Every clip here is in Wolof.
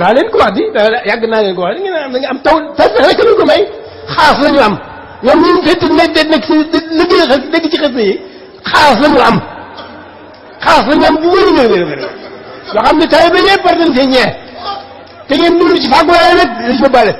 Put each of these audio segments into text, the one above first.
daa leen ko wax di yàgg naa leen ko wax di ngeen am nga am taw tawfeex rek lañ ko may am ñoom ñu ngi fekk nekk nekk si ci xas yi xaas am xaas la ñu am bu wér a wér a wér yoo xam ne te ngeen dund ci fàggu waaye nag dañ bale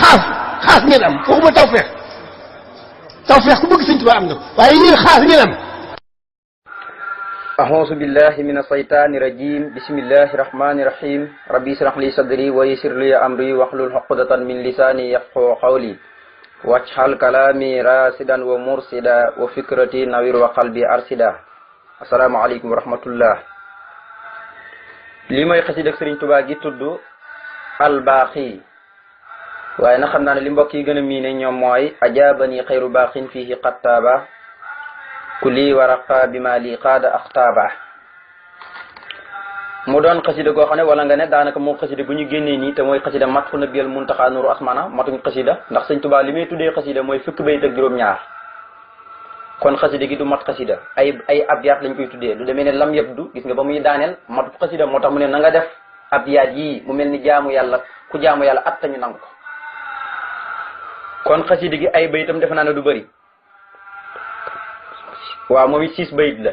xaas ngeen am waxuma tawfeex tawfeex ku ngeen am. أعوذ بالله من الشيطان الرجيم بسم الله الرحمن الرحيم ربي اشرح لي صدري ويسر لي أمري واحلل عقدة من لساني يفقهوا قولي واجعل كلامي راشدا ومرشدا وفكرتي نوير وقلبي أرشدا السلام عليكم ورحمة الله li mooy xasida Sëriñ Tuubaa gi tudd albaaxi waaye na xam naa ne li mbokk yi gën a miine ñoom mooy ajaabani xayru baaxin fiihi qattaaba lii waraqa bi ma lii ak axtaaba mu doon xasida goo xam ne wala nga ne daanaka moo xasida gu ñu génnee nii te mooy xasida mat fu nabiyal muntaxaa nuru asmaana matuñ xasida ndax sëñ Tuubaa li muy tuddee xasida mooy fukki bayit ak juróom-ñaar kon xasida gi du mat xasida ay ay abyaat lañ koy tuddee lu demee ne lam yëpp du gis nga ba muy daaneel matu xasida moo tax mu ne na nga def abyaat yii mu mel ni jaamu yàlla ku jaamu yàlla at tañu nangu ko kon xasida gi defe naa ne du bëri waaw moom it six bayit la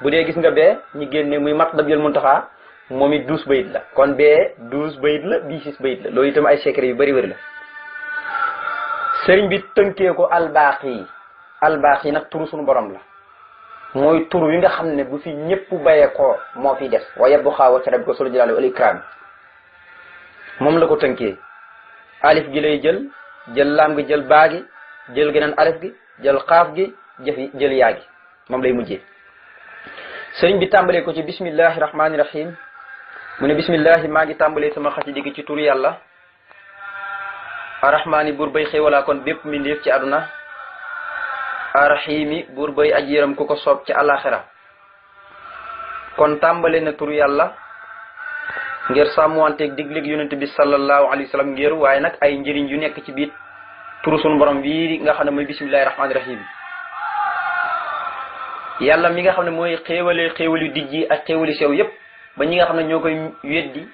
bu dee gis nga bee ñi génne muy mat dab yël taxa moom it douze bayit la kon bee douze bayit la bii six bayit la loolu itam ay secret yu bari bari la sëriñ bi tënkee ko albaax yi nag turu suñu borom la mooy tur yi nga xam ne bu fi ñëpp bayee ko moo fi des wa yebbu xaawa ca ko solo jalaale wal ikraam moom la ko tënkee alif gi lay jël jël laam gi jël baa gi jël geneen alif gi jël xaaf gi jëf jël yaa gi moom lay mujjee sëriñ bi tàmbalee ko ci bismillahi rahmaani rahim mu ne bismillahi maa ngi tàmbalee sama xasida gi ci tur yàlla arrahmaani buur bay xéewalaa kon bépp mbindeef ci àdduna arrahimi buur bay aj yëram ku ko soob ci àllaaxira kon tàmbale na turu yàlla ngir sàmmanteeg digleeg yonent bi sallallahu alayhi wa sallam ngir waaye nag ay njëriñ yu nekk ci biir turu sunu borom bii nga xam ne mooy bismillahi rahmaani rahim yàlla mi nga xam ne mooy xéewalee xéewalu dijj yi ak xéewali sew yépp ba ñi nga xam ne ñoo koy weddi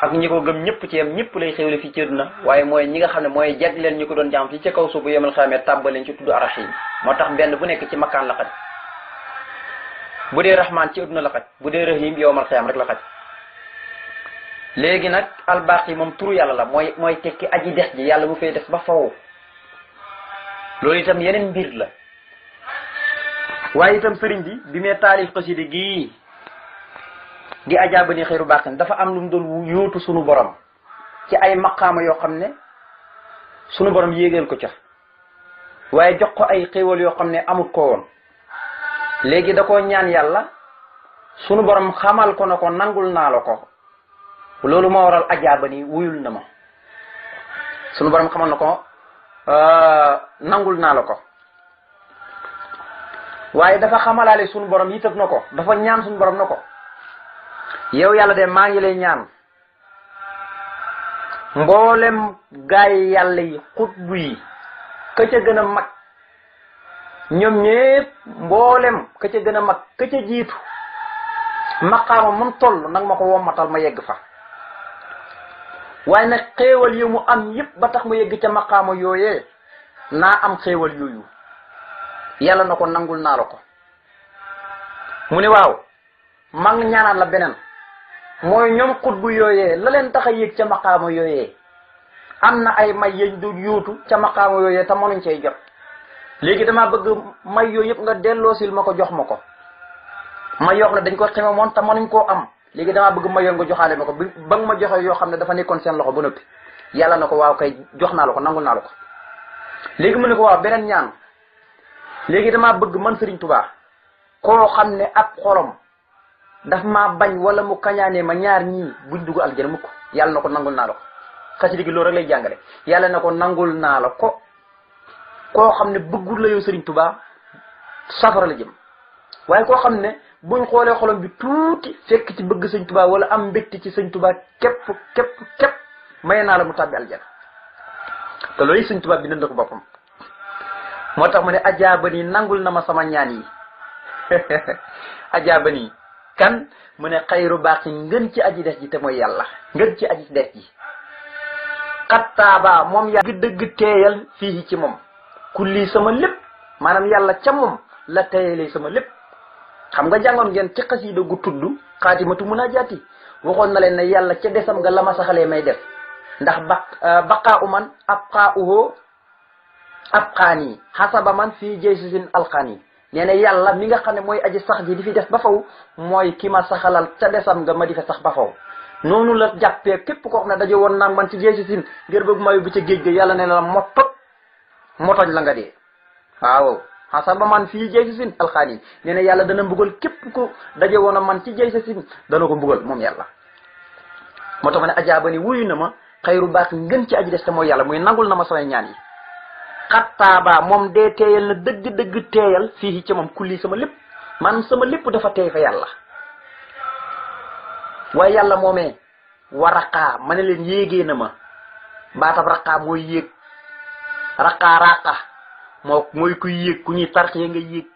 ak ñi ko gëm ñëpp ci yam ñëpp lay xéewale fii ci àdduna waaye mooy ñi nga xam ne mooy leen ñi ko doon jaam fii ca kaw suuf bu yemal xamee tàbbaleen ci tudd arrahim moo tax benn bu nekk ci makkaan la xaj bu dee rahman ci àdduna la xaj bu dee rahim yowmal xiyam rek la xaj léegi nag yi moom turu yàlla la mooy mooy tekki aji des ji yàlla mu fay des ba faw loolu itam yeneen mbir la waaye itam sëriñ bi bi mee taalif xasida gii gi ajaaba xeeru xëyru baaxin dafa am lu mu doon yóotu sunu borom ci ay maqaama yoo xam ne sunu borom yéegal ko ca waaye jox ko ay xéewal yoo xam ne amut ko woon léegi da koo ñaan yàlla sunu borom xamal ko na ko nangul naa la ko loolu moo waral ajaaba wuyul na ma sunu borom xamal na ko euh, nangul naa la ko waaye dafa xamalaale suñu borom yittag na ko dafa ñaan suñu borom na ko yow yàlla de maa ngi lay ñaan mboolem gaay yàlla yi bu yi ka ca gën a mag ñoom ñépp mboolem ka ca gën a mag ka ca jiitu maqaama mun toll nag ma ko womatal ma yegg fa waaye nag xéewal yi mu am yépp ba tax mu yegg ca maqaama yooyee naa am xéewal yooyu yàlla na ko nangul naa la ko mu ne waaw maa ngi la beneen mooy ñoom xutbu yooyee la leen tax a yéeg ca maqaama yooyee am na ay may yañ du yuutu ca maqaama yooyee te mënuñ cey jot léegi damaa bëgg may yooyu yëpp nga delloosil ma ko jox ma ko ma yoo xam ne dañ ko xime moon te mënuñ koo am léegi damaa bëgg ma yoon nga joxaale ma ko ba nga ma joxe yoo xam ne dafa nekkoon seen loxo ba noppi yàlla na ko waaw kay jox naa la ko nangul naa la ko léegi mu ne ko waaw beneen ñaan léegi damaa bëgg man Serigne tubaa koo xam ne ak xorom daf maa bañ wala mu kañaanee ma ñaar ñi buñ dugg aljana mukk yàlla na ko nangul naa la ko xasida gi lay jàngale yàlla na ko nangul naa la ko koo xam ne bëggul la yow Serigne Touba safara la jëm waaye koo xam ne buñ xoolee xolom bi tuuti fekk ci bëgg sëñ Touba wala am mbégte ci sëñ Touba képp képp képp may naa la mu tàbbi aljana te loolu sëñ Touba bi bind na ko boppam moo tax mu ne ajaabani nangul na ma sama ñaan yi ajaabani kan mu ne xayru baax yi ngën ci aji des ji te mooy yàlla ngën ci aji des ji xattaaba moom yàlla dëgg teeyal fii ci moom kulli sama lépp maanaam yàlla ca moom la teeyalee sama lépp xam nga jàngoon ngeen ci xasiida gu tudd a munaajaati waxoon na leen ne yàlla ca desam nga la ma saxalee may def ndax ba euh, baqaa uman ab xaa uho abqaani xasaba man fii jaysisin alqaani nee na yàlla mi nga xam ne mooy aji sax ji di fi des ba faw mooy ki ma saxalal ca desam nga ma di fa sax ba faw noonu la jàppee képp koo xam ne daje woon naag man ci jaysisin ngir bëgg ma yóbbu ca géej ga yàlla ne la motoj motoj la nga dee waaw xasaba man fii jaysisin alqaani nee na yàlla dana mbugal képp ko daje woon a man ci jaysisin dana ko mbugal moom yàlla moo tax ma ne ajaaba ni wuyu na ma xayru baax ngën ci aji des te mooy yàlla muy nangul na ma samay ñaan yi xat xattaabaa moom dee teeyal na dëgg-dëgg teeyal fii ci moom kulli sama lépp man sama lépp dafa teey fa yàlla waaye yàlla moomee wa raqaa ma leen yéegee na ma baatab raqaa mooy yéeg raqaa raqa moo mooy kuy yéeg ku ñuy tarxee nga yéeg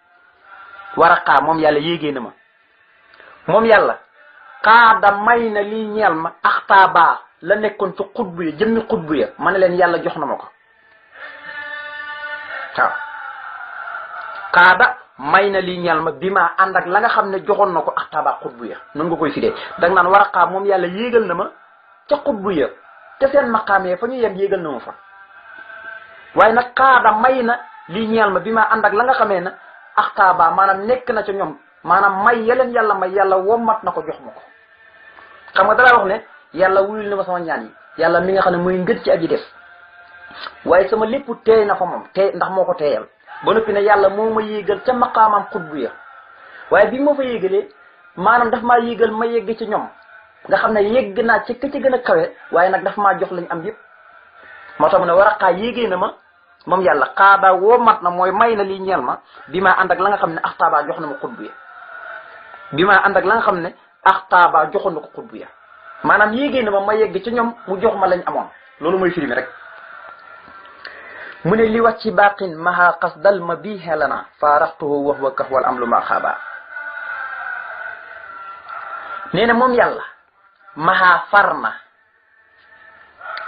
wa raqaa moom yàlla yéegee na ma moom yàlla xaada may na lii ñeel ma axtaabaa la nekkoon ci xutbu ya jëmmi xutbu ya ma ne leen yàlla jox na ma ko waaw kaada may na lii ñal ma bi ma ànd ak la nga xam ne joxoon na ko ak taba xutbu ya nun nga koy fidee danga naan waraqaa moom yàlla yéegal na ma ca xutbu ya te seen maqaamee fa ñu yem yéegal na ma fa waaye nag kaada may na lii ñeel ma bi ma ànd ak la nga xamee na axtaaba maanaam nekk na ca ñoom maanaam may yeleen yàlla may yàlla wommat na ko jox ma ko xam nga dalaa wax ne yàlla wuyul na ma sama ñaan yi yàlla mi nga xam ne mooy ngën ci aji def waaye sama lépp teey na fa moom teey ndax moo ko teeyal ba noppi na yàlla moo ma yéegal ca maqaamam xutbu ya waaye bi ma fa yéegalee maanaam daf maa yéegal ma yegg ci ñoom nga xam ne yegg naa ci gën a waaye nag daf maa jox lañ am yëpp moo tax ne war a xaa na ma moom yàlla xaaba woo mat na mooy may na lii ñeel ma bi maa ànd ak la nga xam ne axtaaba jox na ma xutbu ya bi maa ànd ak la nga xam ne axtaaba joxoon na ko xutbu ya maanaam yéegee ma ma yegg ci ñoom mu jox ma lañ amoon loolu mooy firi rek mu ne li wax ci baqin maha qasdal ma bii xelana faaraxtuhu wax wa kax wal am lu ma xaaba nee na moom yàlla maha farna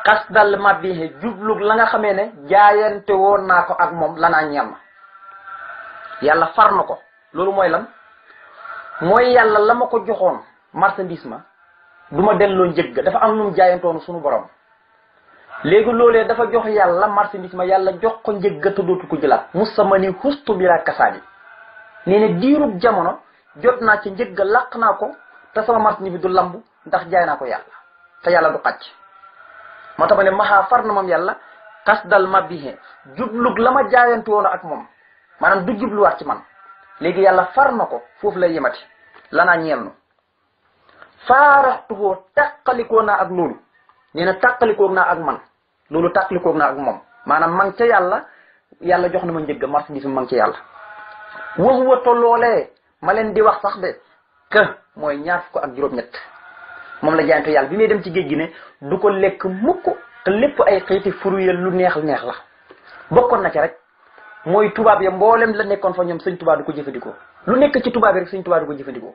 qasdal ma bii jublug la nga xamee ne jaayante woon naa ko ak moom lanaa ñem yàlla na ko loolu mooy lan mooy yàlla la ma ko joxoon marchandise ma duma ma delloo njëg dafa am nu mu jaayantoon sunu borom léegi loolee dafa jox yàlla marchandise ma yàlla jox ko njëgga a dootu ko jëlaat musamani xustu bi laa kasaani nee ne diirub jamono jot naa ci njëgga làq naa ko te sama marchandise bi du lamb ndax jaay naa ko yàlla te yàlla du xàcc moo tax ma ne far na moom yàlla xas dal ma bihe jublug la ma jaayante woon ak moom maanaam du jubluwaat ci man léegi yàlla far na ko foofu lay yemati lanaa ñeel nu faaraxtuhoo naa ak loolu nee na tàqalikoo naa ak man loolu tàkkalikoog naa ak moom maanaam man ca yàlla yàlla jox na ma njëgg marchandise mu man ca yàlla waxu wata loolee ma leen di wax sax de que mooy ñaar fukk ak juróom-ñett moom la jaayante yàlla bi muy dem ci géej gi ne du ko lekk mukk te lépp ay xeeti furuyel lu neex neex la bokkoon na ci rek mooy tubaab ya mboolem la nekkoon fa ñoom sëñ tubaab du ko jëfandikoo lu nekk ci tubaab yi rek sëñ tubaab du ko jëfandikoo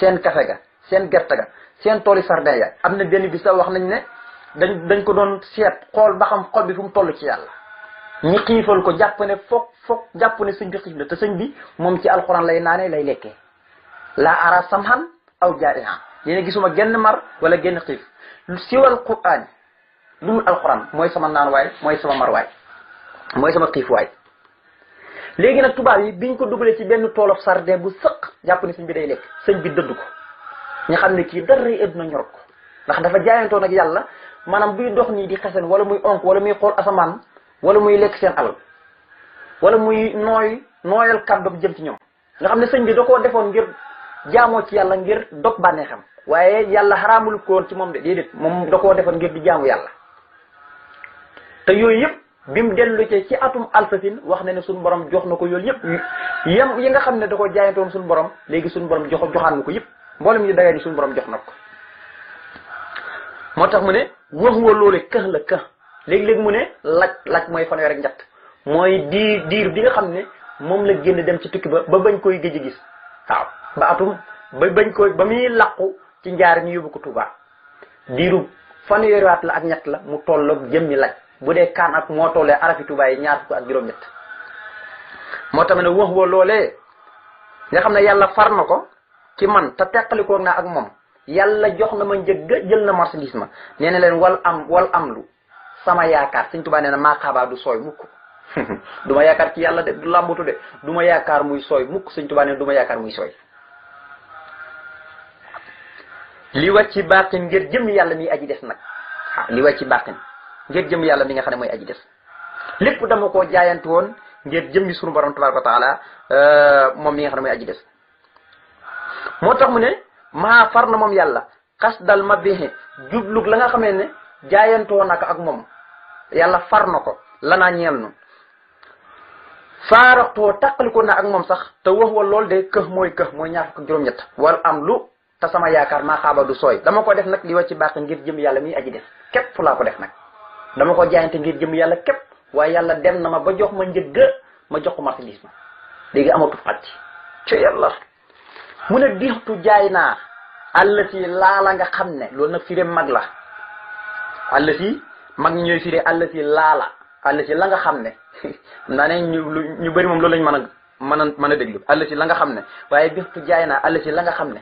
seen kafe ga seen gerte ga seen tooli sardin ya am na wax nañ ne dañ dañ ko doon seet xool ba xam xol bi fu mu toll ci yàlla ñi xiifal ko jàpp ne foog foog jàpp ne sëñ bi xiif la te sëñ bi moom ci alxuraan lay naanee lay lekkee laa ara samhan aw jaarihan yéena gisuma genn mar wala genn xiif siwa quraan lu dul alxuraan mooy sama naan waay mooy sama mar waay mooy sama xiif waay léegi nag tubaab yi biñ ko dugalee ci benn toolof sarde bu sëq jàpp ne sëñ bi day lekk sëñ bi dëdd ko ñu xam ne kii dara adduna ñor ko ndax dafa jaayantoon yàlla maanaam buy dox nii di xesen wala muy onk wala muy xool asamaan wala muy lekk seen alal wala muy nooy nooyal kàddoom jëm ci ñoom nga xam ne sëñ bi da koo defoon ngir jaamoo ci yàlla ngir dog bànneexam waaye yàlla xaraamul ko ci moom moom da koo defoon ngir di jaamu yàlla te yooyu yëpp bi mu dellu ci ci atum alsafin wax na ne suñu borom jox na ko yooyu yëpp yam yi nga xam ne da ko jaayantoon suñu borom léegi suñ borom jox joxaan na ko yëpp mboolem yi dagay ni suñu borom jox na ko moo tax mu ne wax wa loole këx la këx léeg-léeg mu ne laj laj mooy fanweer ak njatt mooy diir diir bi nga xam ne moom la génn dem ci tukki ba ba bañ koy gëj gis waaw ba atum ba bañ koy ba muy làqu ci njaar ñu yóbbu ko Tuubaa diiru fanweeri at la ak ñett la mu tolloog jëm ñi laj bu dee kaan ak moo tollee arafi Tuubaa yi ñaar ak juróom-ñett moo tax ne wax wa loolee nga xam ne yàlla far na ko ci man te teqalikoog naa ak moom yàlla jox na ma njëgg jël na marchandise ma nee na leen wal am wal am lu sama yaakaar sëñ Tuubaa nee na maa xaabaa du sooy mukk du ma yaakaar ci yàlla de du làmbatu de du ma yaakaar muy sooy mukk sëñ Tuubaa du ma yaakaar muy sooy li wàcc ci baatin ngir jëm yàlla mi aji des nag li wàcc ci baatin ngir jëm yàlla mi nga xam ne mooy aji des lépp dama koo jaayantu woon ngir jëmmi sunu borom tabaaraka wa taala euh, moom mi nga xam ne mooy aji des moo tax mu ne maa far na moom yàlla xas dal ma bihi jublug la nga xamee ne jaayantoo naka ak moom yàlla far na ko lanaa ñeel nu faaraxtoo tàqalikoo na ak moom sax te wax wa lool de këx mooy këx mooy ñaar fukk juróom am lu te sama yaakaar maa xaaba du sooy dama ko def nag li ci baax ngir jëm yàlla miy aji def képp laa ko def nag dama ko jaayante ngir jëm yàlla képp waaye yàlla dem na ma ba jox ma njëgga ma jox ko marchandise ma léegi amatu fàcc ci yàlla mu ne dixtu jaay naa àll laa la nga xam ne loolu nag firé mag la àll si mag ñooy firé àll si laala àll la nga xam ne naa ne ñu ñu bari moom loolu lañ mën a mën a mën a déglu àll la nga xam ne waaye dixtu jaay naa àll si la nga xam ne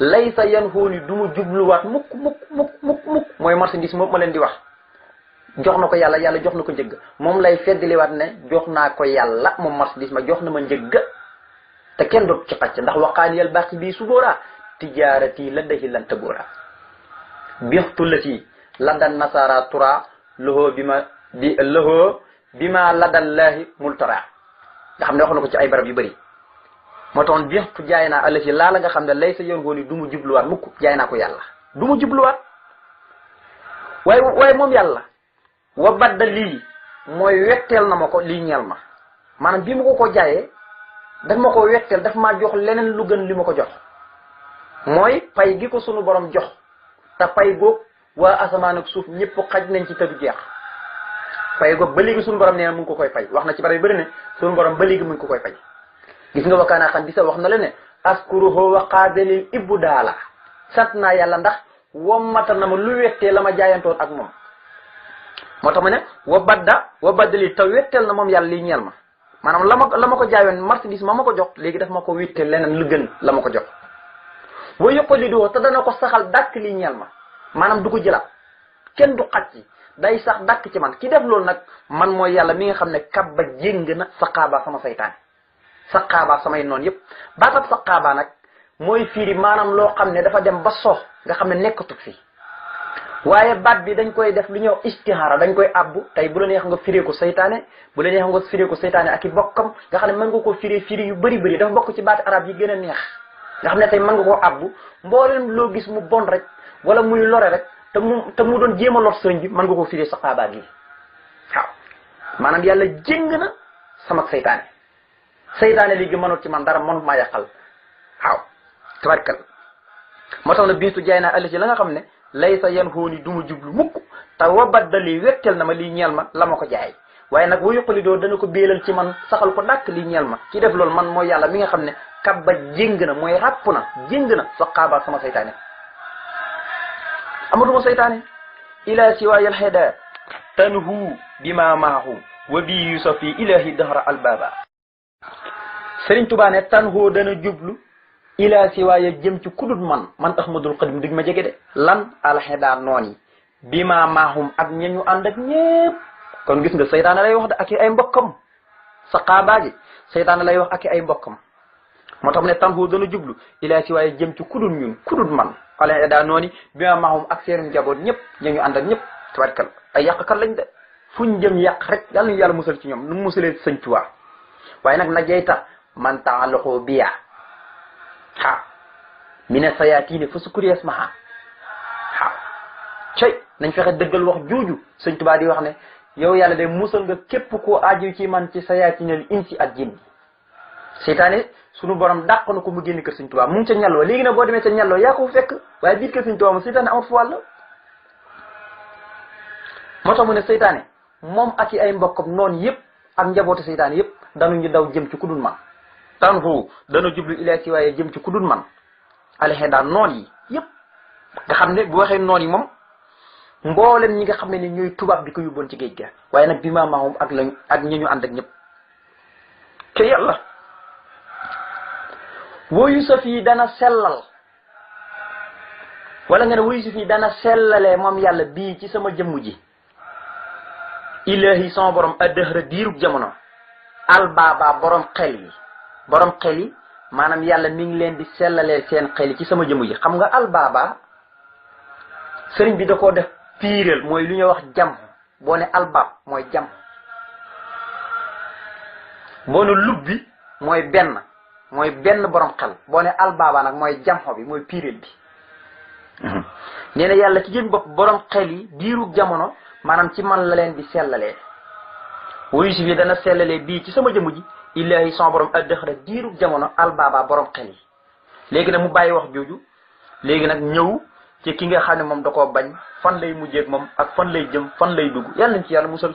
lay sa yan xooni du mu jubluwaat mukk mukk mukk mukk mooy marchandise moom ma leen di wax jox na ko yàlla yàlla jox na ko njëgg moom lay feddliwaat ne jox naa ko yàlla moom marchandise ma jox na ma njëgg te kenn dootu ci xacc ndax waqaaniyal baqi bii su góoraa tijaarati la dahi lan tëgóoraa bixtu lati ladan nasara tura loxoo bi ma bi loxoo laahi multara nga xam ne wax na ko ci ay barab yu bëri moo taxoon bixtu jaay naa alati laala nga xam ne lay sa yoon woon du mu jubluwaat mukk jaay naa ko yàlla du mu jubluwaat waaye waaye moom yàlla wa badda lii mooy wetteel na ma ko lii ñeel ma maanaam bi mu ko ko jaayee daf ma ko wetteel daf ma jox leneen lu gën li ma ko jox mooy pay gi ko sunu borom jox te pay goog waa asamaan ak suuf ñëpp xaj nañ ci tëdu jeex pay goog ba léegi sunu borom nee na mu ko koy fay wax na ci bare yu bëri ne borom ba léegi ko koy fay gis nga wakkaanaa xam di sa wax na la ne askuruhu wa qaabilil ibbu daala sant naa yàlla ndax wommata na ma lu wettee la ma jaayantoon ak moom moo tax ma ne wa badda wa baddali te wetteel na moom yàlla li ñeel ma maanaam la ma la ma ko jaayoon marchandise ma ma ko jox léegi daf ma ko witte leneen lu gën la ma ko jox boo yëpp li doo te dana ko saxal dàkk lii ñeel ma maanaam du ko jëlaat kenn du xaj ci day sax dàkk ci man ki def loolu nag man mooy yàlla mi nga xam ne kabba jéng na saqaabaa sama saytaane saqaabaa samay noonu yëpp baatab saqaabaa nag mooy fiiri maanaam loo xam ne dafa dem ba soox nga xam ne nekkatu fi waaye baat bi dañ koy def lu ñëw istixaara dañ koy abbu tey bu la neex nga firee ko saytaane bu la neex nga firee ko saytaane ak i bokkam nga xam ne mën nga koo firee firi yu bëri bëri dafa bokk ci baati arab yi gën a neex nga xam ne tey mën nga koo loo gis mu bon rek wala muy lore rek te te mu doon jéem a bi mën nga koo firee saxaaba gi waaw maanaam yàlla jéng na sama saytaane saytaane léegi mënut ci man dara mënut maa yàqal waaw tabarkal moo tax na biitu jaay naa àll ci la nga xam ne laysa yan xooni du ma jublu mukk te wabaddali wettel na ma lii ñeel ma la ma ko jaay waaye nag wa yuqali doo dana ko beelal ci man saxal ko dàkk lii ñeel ma ci def lool man moo yàlla mi nga xam ne kabba jéng na mooy ràpp na jéng na sa xaabaat sama saytaane amatuma saytaane ilaa siwaayal xeda tanhu bi ma maahu wa bi yusafi ilahi dahra albaba sëriñ Tuubaa ne tanhoo dana jublu ilaa si waaye jëm ci kudut man man ahmadul xadim duñ ma jege de lan alxedaa noon yi bi maa maahum ak ña ñu ànd ak kon gis nga seytaane lay wax de ak ay mbokkam saqaabaa ji seytaane lay wax ak ay mbokkam moo tax mu ne tanhu dana jublu ilaa si waaye jëm ci kudut ñun kudut man alxedaa noon yi bi maahum ak seen njaboot ñëpp ña ñu ànd ak ñëpp tabarkal ay yàqkat lañ de fuñ jëm yàq rek yàlla ñu yàlla musal ci ñoom nu mu musalee sëñ Tuubaa waaye nag najeyta man taaloxoo biya waaw mi ne sayaatine fa sukkuri yasmaha waaw cey nañ fexe dëggal wax jooju sëñ Tuubaa di wax ne yow yàlla de musal nga képp koo aju ci man ci sayaatinal insi ak jinn seytaane sunu borom dàq na ko mu génn kër sëñ Tuubaa mu ngi ca ñalloo léegi nag boo demee ca ñalloo yaa ko fekk waaye biir kër sëñ Tuubaa mu seytaane amut fu wàll moo tax mu ne seytaane moom ak i ay mbokkam noonu yëpp ak njabootu seytaane yëpp danuñu daw jëm ci ku dul man tanhu dana jublu ilaa waaye jëm ci ku dul man alexee noon yi yëpp nga xam waxee noon yi moom mboolem ñi nga xam ne ni ñooy tubaab bi ko yóbboon ci géej ga waaye nag bi maamaahum ak lañ ak ñi ñu ànd ak ñëpp te yàlla woyu sa dana sellal wala nga ne woyu sa dana sellalee moom yàlla bii ci sama jëmm ji ilaahi sama borom a addëxra diirug jamono albaaba borom xel yi borom xel yi maanaam yàlla mi ngi leen di sellalee seen xel yi ci sama jëmm ji xam nga albaaba sëriñ bi da koo def piiral mooy lu ñuy wax jam boo ne albaab mooy jam boo ne lub bi mooy benn mooy benn borom xel boo ne albaaba nag mooy jamxo bi mooy piiral bi nee yàlla ci jëm bopp borom xel yi diiru jamono maanaam ci man la leen di sellalee wuyusi bi dana sellalee bii ci sama jëmm ji illaahi son borom addëxra diiru jamono albaaba borom xel yi léegi nag mu bàyyi wax jooju léegi nag ñëw ci ki nga xam ne moom da koo bañ fan lay mujjee ak moom ak fan lay jëm fan lay dugg yàlla nañ ci yàlla musal